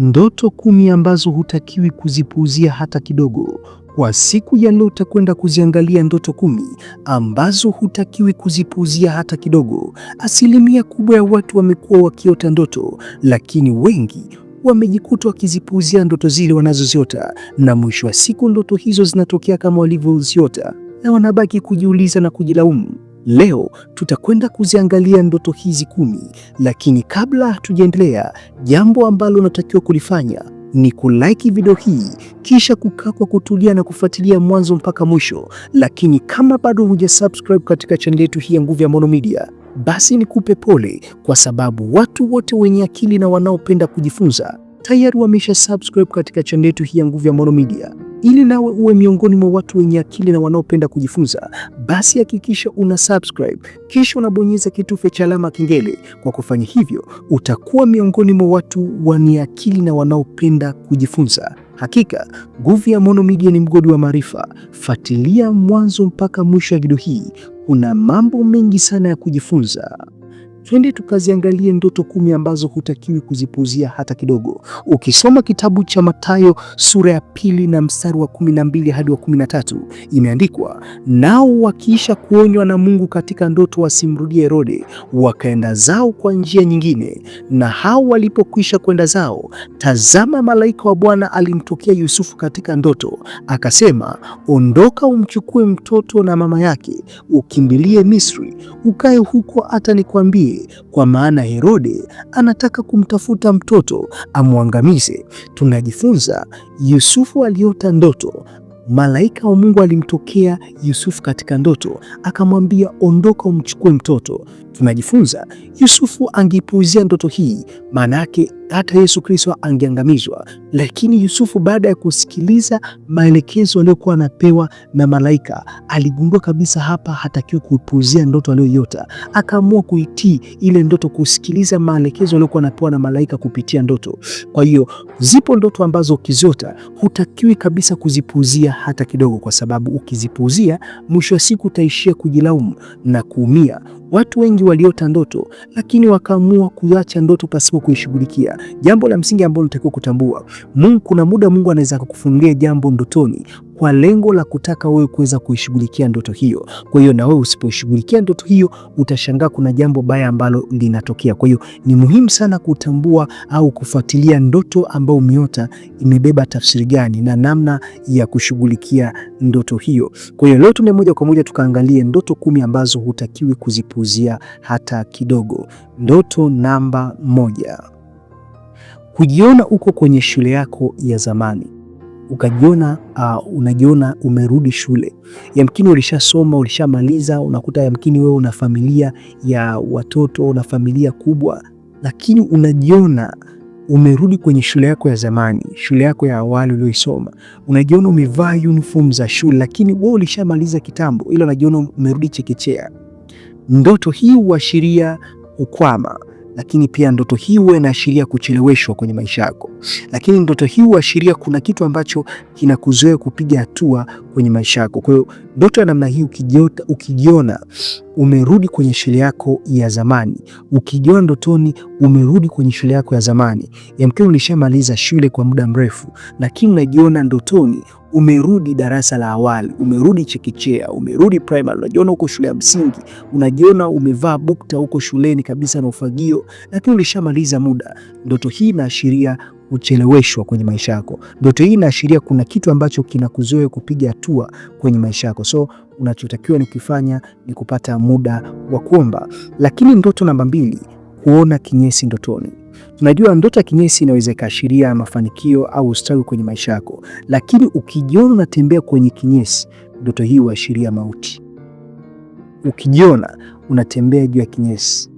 Ndoto kumi ambazo hutakiwi kuzipuuzia hata kidogo. Kwa siku ya leo utakwenda kuziangalia ndoto kumi ambazo hutakiwi kuzipuuzia hata kidogo. Asilimia kubwa ya watu wamekuwa wakiota ndoto, lakini wengi wamejikuta wakizipuuzia ndoto zile wanazoziota, na mwisho wa siku ndoto hizo zinatokea kama walivyoziota, na wanabaki kujiuliza na kujilaumu. Leo tutakwenda kuziangalia ndoto hizi kumi, lakini kabla hatujaendelea, jambo ambalo unatakiwa kulifanya ni kulaiki video hii kisha kukaa kwa kutulia na kufuatilia mwanzo mpaka mwisho. Lakini kama bado hujasubscribe katika chaneli yetu hii ya Nguvu ya Maono Media, basi nikupe pole, kwa sababu watu wote wenye akili na wanaopenda kujifunza tayari wamesha subscribe katika chaneli yetu hii ya Nguvu ya Maono Media. Ili nawe uwe miongoni mwa watu wenye akili na wanaopenda kujifunza, basi hakikisha una subscribe kisha unabonyeza kitufe cha alama kengele. Kwa kufanya hivyo, utakuwa miongoni mwa watu wenye akili na wanaopenda kujifunza. Hakika nguvu ya Maono Media ni mgodi wa maarifa. Fatilia mwanzo mpaka mwisho ya video hii, kuna mambo mengi sana ya kujifunza twende tukaziangalie ndoto kumi ambazo hutakiwi kuzipuzia hata kidogo. Ukisoma kitabu cha Mathayo sura ya pili na mstari wa kumi na mbili hadi wa kumi na tatu imeandikwa, nao wakiisha kuonywa na Mungu katika ndoto wasimrudie Herode, wakaenda zao kwa njia nyingine. Na hao walipokwisha kwenda zao, tazama, malaika wa Bwana alimtokea Yusufu katika ndoto, akasema, ondoka umchukue mtoto na mama yake, ukimbilie Misri, ukae huko hata nikwambie kwa maana Herode anataka kumtafuta mtoto amwangamize. Tunajifunza Yusufu aliota ndoto Malaika wa Mungu alimtokea Yusufu katika ndoto, akamwambia ondoka, umchukue mtoto. Tunajifunza Yusufu angeipuuzia ndoto hii, maana yake hata Yesu Kristo angeangamizwa. Lakini Yusufu baada ya kusikiliza maelekezo aliyokuwa anapewa na malaika, aligundua kabisa hapa hatakiwi kuipuuzia ndoto aliyoyota. Akaamua kuitii ile ndoto, kusikiliza maelekezo aliyokuwa anapewa na malaika kupitia ndoto. Kwa hiyo zipo ndoto ambazo ukiziota hutakiwi kabisa kuzipuuzia hata kidogo, kwa sababu ukizipuuzia, mwisho wa siku utaishia kujilaumu na kuumia. Watu wengi waliota ndoto lakini wakaamua kuacha ndoto pasipo kuishughulikia. Jambo la msingi ambalo unatakiwa kutambua, Mungu kuna muda Mungu anaweza kukufungia jambo ndotoni kwa lengo la kutaka wewe kuweza kuishughulikia ndoto hiyo. Kwa hiyo na wewe usipoishughulikia ndoto hiyo, utashangaa kuna jambo baya ambalo linatokea. Kwa hiyo ni muhimu sana kutambua au kufuatilia ndoto ambayo umeota imebeba tafsiri gani na namna ya kushughulikia ndoto hiyo. Kwa hiyo leo tune moja kwa moja tukaangalie ndoto kumi ambazo hutakiwi kuzipuuzia hata kidogo. Ndoto namba moja: kujiona uko kwenye shule yako ya zamani ukajiona uh, unajiona umerudi shule. Yamkini ulishasoma ulishamaliza, unakuta yamkini wewe una familia ya watoto, una familia kubwa, lakini unajiona umerudi kwenye shule yako ya zamani, shule yako ya awali uliyoisoma. Unajiona umevaa uniform za shule, lakini wewe ulishamaliza kitambo, ila unajiona umerudi chekechea. Ndoto hii huashiria ukwama lakini pia ndoto hii huwa inaashiria kucheleweshwa kwenye maisha yako, lakini ndoto hii huashiria kuna kitu ambacho kinakuzoea kupiga hatua kwenye maisha yako. Kwa hiyo ndoto ya namna hii ukijiota, ukijiona umerudi kwenye shule yako ya zamani, ukijiona ndotoni umerudi kwenye shule yako ya zamani, yamkini ulishamaliza shule kwa muda mrefu, lakini unajiona ndotoni umerudi darasa la awali, umerudi chekechea, umerudi primary, unajiona huko shule ya msingi, unajiona umevaa bukta huko shuleni kabisa na ufagio, lakini ulishamaliza muda. Ndoto hii inaashiria kucheleweshwa kwenye maisha yako. Ndoto hii inaashiria kuna kitu ambacho kinakuzuia kupiga hatua kwenye maisha yako, so unachotakiwa ni kufanya ni kupata muda wa kuomba. Lakini ndoto namba mbili, kuona kinyesi ndotoni. Tunajua ndoto ya kinyesi inaweza ikaashiria mafanikio au ustawi kwenye maisha yako, lakini ukijiona unatembea kwenye kinyesi, ndoto hii huashiria mauti. Ukijiona unatembea juu ya kinyesi,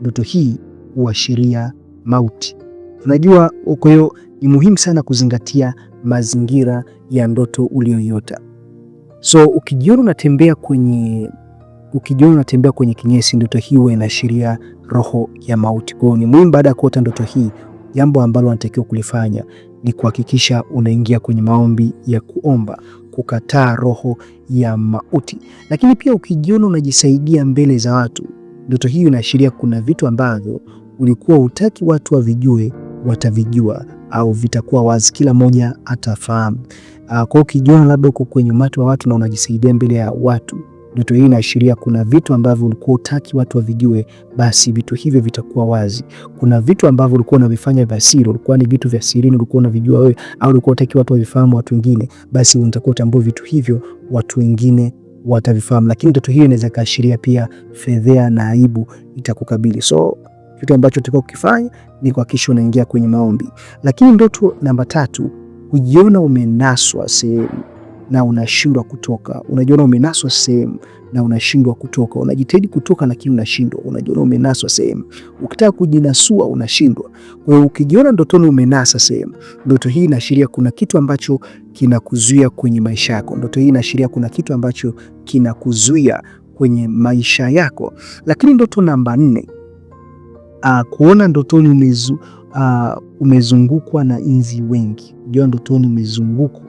ndoto hii huashiria mauti. Unajua, kwa hiyo ni muhimu sana kuzingatia mazingira ya ndoto uliyoyota. So ukijiona unatembea kwenye ukijiona unatembea kwenye kinyesi, ndoto hii huwa inaashiria roho ya mauti. Kwa hiyo ni muhimu baada ya kuota ndoto hii, jambo ambalo unatakiwa kulifanya ni kuhakikisha unaingia kwenye maombi ya kuomba kukataa roho ya mauti. Lakini pia ukijiona unajisaidia mbele za watu, ndoto hii inaashiria kuna vitu ambavyo ulikuwa hutaki watu wavijue watavijua au vitakuwa wazi, kila mmoja atafahamu. Uh, Kwa hiyo ukijua labda uko kwenye umati wa watu na unajisaidia mbele ya watu, ndoto hii inaashiria kuna vitu ambavyo ulikuwa utaki watu wavijue, basi vitu hivyo vitakuwa wazi. Kuna vitu ambavyo ulikuwa unavifanya vya siri, ulikuwa ni vitu vya siri, ulikuwa unavijua wewe au ulikuwa utaki watu wavifahamu watu wengine, basi utakuwa utambua vitu hivyo, watu wengine watavifahamu. Lakini ndoto hii inaweza kaashiria pia fedhea na aibu itakukabili. So kitu ambacho utakao kukifanya ni kuhakikisha unaingia kwenye maombi. Lakini ndoto namba tatu, kujiona umenaswa sehemu na unashindwa kutoka. Unajiona umenaswa sehemu na unashindwa kutoka, unajitahidi kutoka lakini unashindwa. Unajiona umenaswa sehemu, ukitaka kujinasua unashindwa. Kwa hiyo ukijiona ndotoni umenasa sehemu, ndoto hii inaashiria kuna kitu ambacho kinakuzuia kwenye maisha yako. Ndoto hii inaashiria kuna kitu ambacho kinakuzuia kwenye maisha yako. Lakini ndoto namba nne uh, kuona ndotoni umezu, uh, umezungukwa na inzi wengi. Ujua ndotoni umezungukwa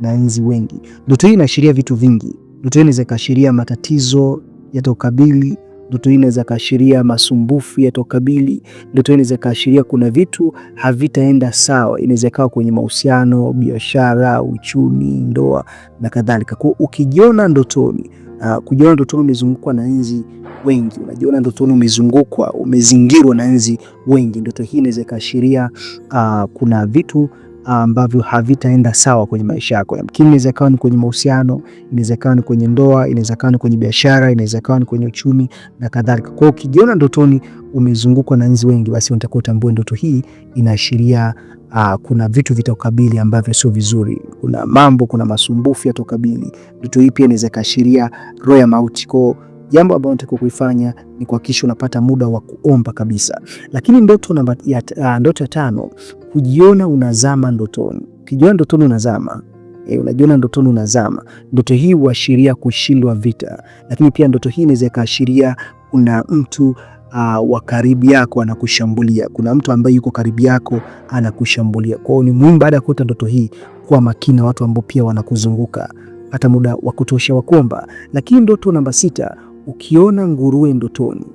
na inzi wengi. Ndoto hii inaashiria vitu vingi. Ndoto hii inaweza ikaashiria matatizo yatokabili ndoto hii inaweza kaashiria masumbufu yatokabili. Ndoto hii inaweza kaashiria kuna vitu havitaenda sawa, inaweza ikawa kwenye mahusiano, biashara, uchumi, ndoa na kadhalika. Kwa ukijiona ndotoni Uh, kujiona ndotoni umezungukwa na nzi wengi, unajiona ndotoni umezungukwa, umezingirwa na nzi wengi. Ndoto hii inaweza ikaashiria uh, kuna vitu ambavyo havitaenda sawa kwenye maisha yako. Yamkini inaweza kawa ni kwenye mahusiano, inaweza kawa ni kwenye ndoa, inaweza kawa ni kwenye biashara, inaweza kawa ni kwenye uchumi na kadhalika. Kwa hiyo ukijiona ndotoni umezungukwa na nzi wengi, basi unatakiwa utambue ndoto hii inaashiria Aa, ah, kuna vitu vitakabili ambavyo sio vizuri, kuna mambo, kuna masumbufu yatokabili Ndoto hii pia inaweza kaashiria roho ya mauti kwao jambo ambalo nataka kuifanya ni kuhakikisha unapata muda wa kuomba kabisa. Lakini ndoto namba ya, uh, ndoto ya tano, kujiona unazama ndotoni. Ukijiona ndotoni unazama E, unajiona ndotoni unazama. Ndoto hii huashiria kushindwa vita, lakini pia ndoto hii inaweza ikaashiria kuna mtu uh, wa karibu yako anakushambulia, kuna mtu ambaye yuko karibu yako anakushambulia. Kwa hiyo ni muhimu baada ya kuota ndoto hii kuwa makini na watu ambao pia wanakuzunguka, hata muda wa kutosha wa kuomba. Lakini ndoto namba sita ukiona nguruwe ndotoni,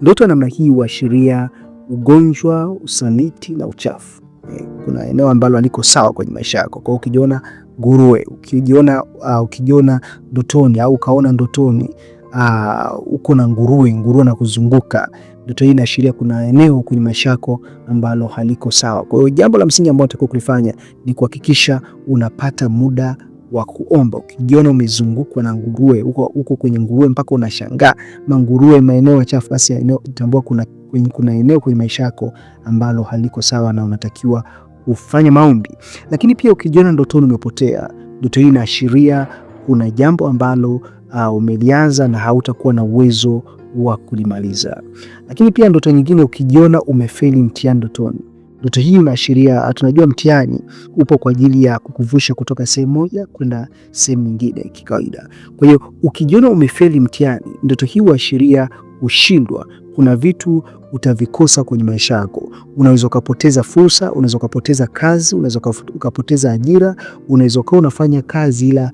ndoto namna hii huashiria ugonjwa, usaniti na uchafu. Eh, kuna eneo ambalo aliko sawa kwenye maisha yako. Kwa hiyo ukijiona nguruwe, ukijiona uh, ukijiona ndotoni au ukaona ndotoni uh, uko na nguruwe, nguruwe na kuzunguka, ndoto hii inaashiria kuna eneo kwenye maisha yako ambalo haliko sawa. Kwa hiyo jambo la msingi ambalo unatakiwa kulifanya ni kuhakikisha unapata muda wa kuomba. Ukijiona umezungukwa na nguruwe, uko, uko kwenye nguruwe mpaka unashangaa manguruwe, maeneo machafu, basi eneo tambua kuna, kuna eneo kwenye maisha yako ambalo haliko sawa na unatakiwa ufanye maombi. Lakini pia ukijiona ndotoni umepotea, ndoto hii inaashiria kuna jambo ambalo uh, umelianza na hautakuwa na uwezo wa kulimaliza. Lakini pia ndoto nyingine, ukijiona umefeli mtihani ndotoni Ndoto hii inaashiria, ah, tunajua mtihani upo kwa ajili ya kukuvusha kutoka sehemu moja kwenda sehemu nyingine kikawaida. Kwa hiyo ukijiona umefeli mtihani, ndoto hii huashiria ushindwa. Kuna vitu utavikosa kwenye maisha yako. Unaweza ukapoteza fursa, unaweza ukapoteza kazi, unaweza ukapoteza ajira, unaweza ukawa unafanya kazi ila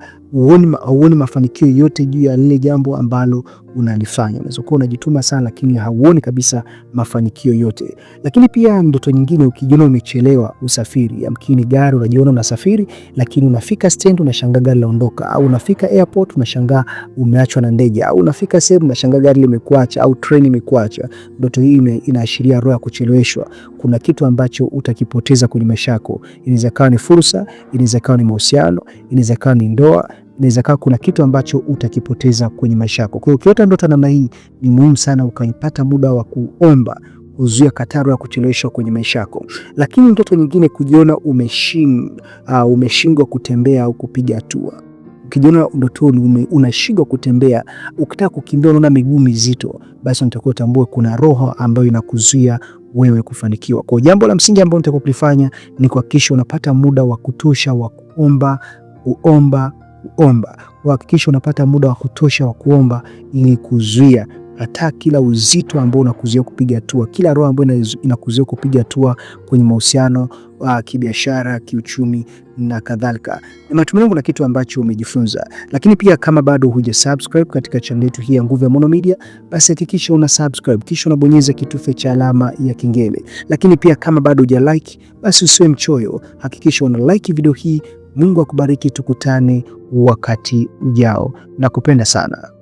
hauoni mafanikio yote juu ya lile jambo ambalo unalifanya. Unaweza kuwa unajituma sana, lakini hauoni kabisa mafanikio yote. Lakini pia ndoto nyingine, ukijiona umechelewa usafiri, yamkini gari unajiona unasafiri, lakini unafika stand unashangaa gari laondoka, au unafika airport unashangaa umeachwa na ndege, au unafika sehemu unashangaa gari limekuacha au train imekuacha. Ndoto hii inaashiria roho ya kucheleweshwa. Kuna kitu ambacho utakipoteza kwenye maisha yako, inaweza kawa ni fursa, inaweza kawa ni mahusiano, inaweza kawa ni ndoa naweza kawa kuna kitu ambacho utakipoteza kwenye maisha yako. Kwa hiyo ukiota ndoto namna hii, ni muhimu sana ukaipata muda wa kuomba kuzuia kataro ya kucheleweshwa kwenye maisha yako. Lakini ndoto nyingine, kujiona umeshindwa uh, umeshindwa kutembea au kupiga hatua Ukijiona ndotoni unashindwa kutembea, ukitaka kukimbia, unaona miguu mizito, basi unatakiwa utambue kuna roho ambayo inakuzuia wewe kufanikiwa. Kwa jambo la msingi ambalo kulifanya ni kuhakikisha unapata muda wa kutosha wa kuomba kuomba kuomba. Uhakikisha unapata muda wa kutosha wa kuomba ili kuzuia hata kila uzito ambao unakuzuia kupiga hatua, kila roho ambayo inakuzuia kupiga hatua kwenye mahusiano wa ah, kibiashara, kiuchumi na kadhalika. Natumaini yangu na kitu ambacho umejifunza, lakini pia kama bado huja subscribe katika channel yetu hii ya Nguvu ya Maono Media, basi hakikisha una subscribe kisha unabonyeza kitufe cha alama ya kengele. Lakini pia kama bado huja like, basi usiwe mchoyo, hakikisha una like video hii Mungu akubariki, tukutane wakati ujao na kupenda sana.